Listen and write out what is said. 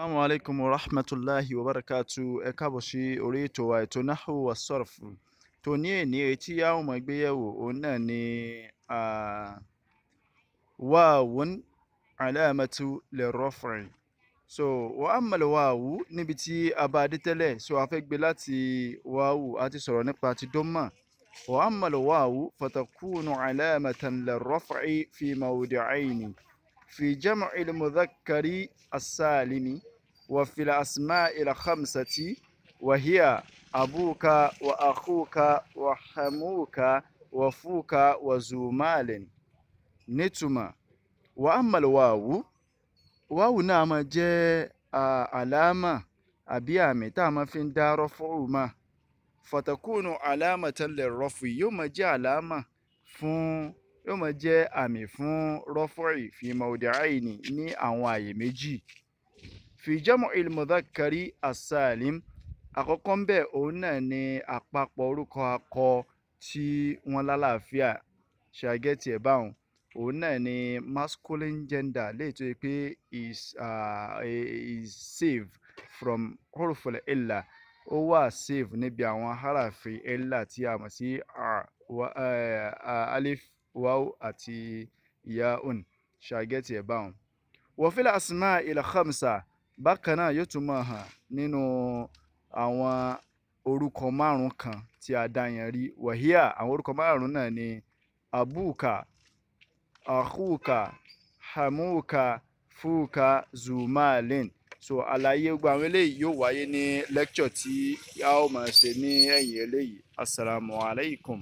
Assalamu alaikum wa rahmatulahi wa barakatu ẹ káàbọ̀ sí orí ètò wa ètò Nahwu wa Sarf tó ní èní etí yá ọmọ ìgbéyẹ̀wò òun náà ni wáàwùn aláàmẹ́tú lè rọ́fìrì so wa amal wáàwù níbi tí a bá dé tẹ́lẹ̀ so a fẹ́ gbé láti wáàwù a ti sọ̀rọ̀ nípa ti dọ́mà wa amal wáàwù fatakunu aláàmẹ́tàn lè rọ́fìrì fi mawdi'aini fi jam'il mudhakkari as-salimi. وفي الأسماء الخمسة وهي أبوك وأخوك وحموك وفوك وزمال نتما وأما الواو واو نعم جاء علامة àbí àmì tá a máa fi ń dá rọ́fọ́rù mà fatakunu alamatan lirrafi yóò máa jẹ́ àlámà fún yóò máa jẹ́ àmì fún rọ́fọ́rì fi mawdi'aini ní àwọn àyè méjì fi jam'il mudhakkari as-salim àkọ́kọ́ ń bẹ̀ òun náà ni àpapọ̀ orúkọ akọ tí wọ́n lálàáfíà ṣàgẹ́tì ẹ̀ báwọn òun náà ni masculine gender léyìí tó yẹ pé is uh, is safe from huruful illa ó wà safe níbi àwọn harafi illa tí a mọ̀ sí wa, uh, uh, alif waw àti yaun ṣàgẹ́tì ẹ̀ báwọn. wọ́n fi lè asma il bákan náà yóò tún máa hàn nínú àwọn orúkọ márùn kan tí a dá yẹn rí wàhíà àwọn orúkọ márùn náà ni abuka akuka hamuka fuka zumalin so àlàyé gbogbo àwọn eléyìí yóò wáyé ní lecture tí a ó máa ṣe ní ẹ̀yìn eléyìí asalaamualeykum.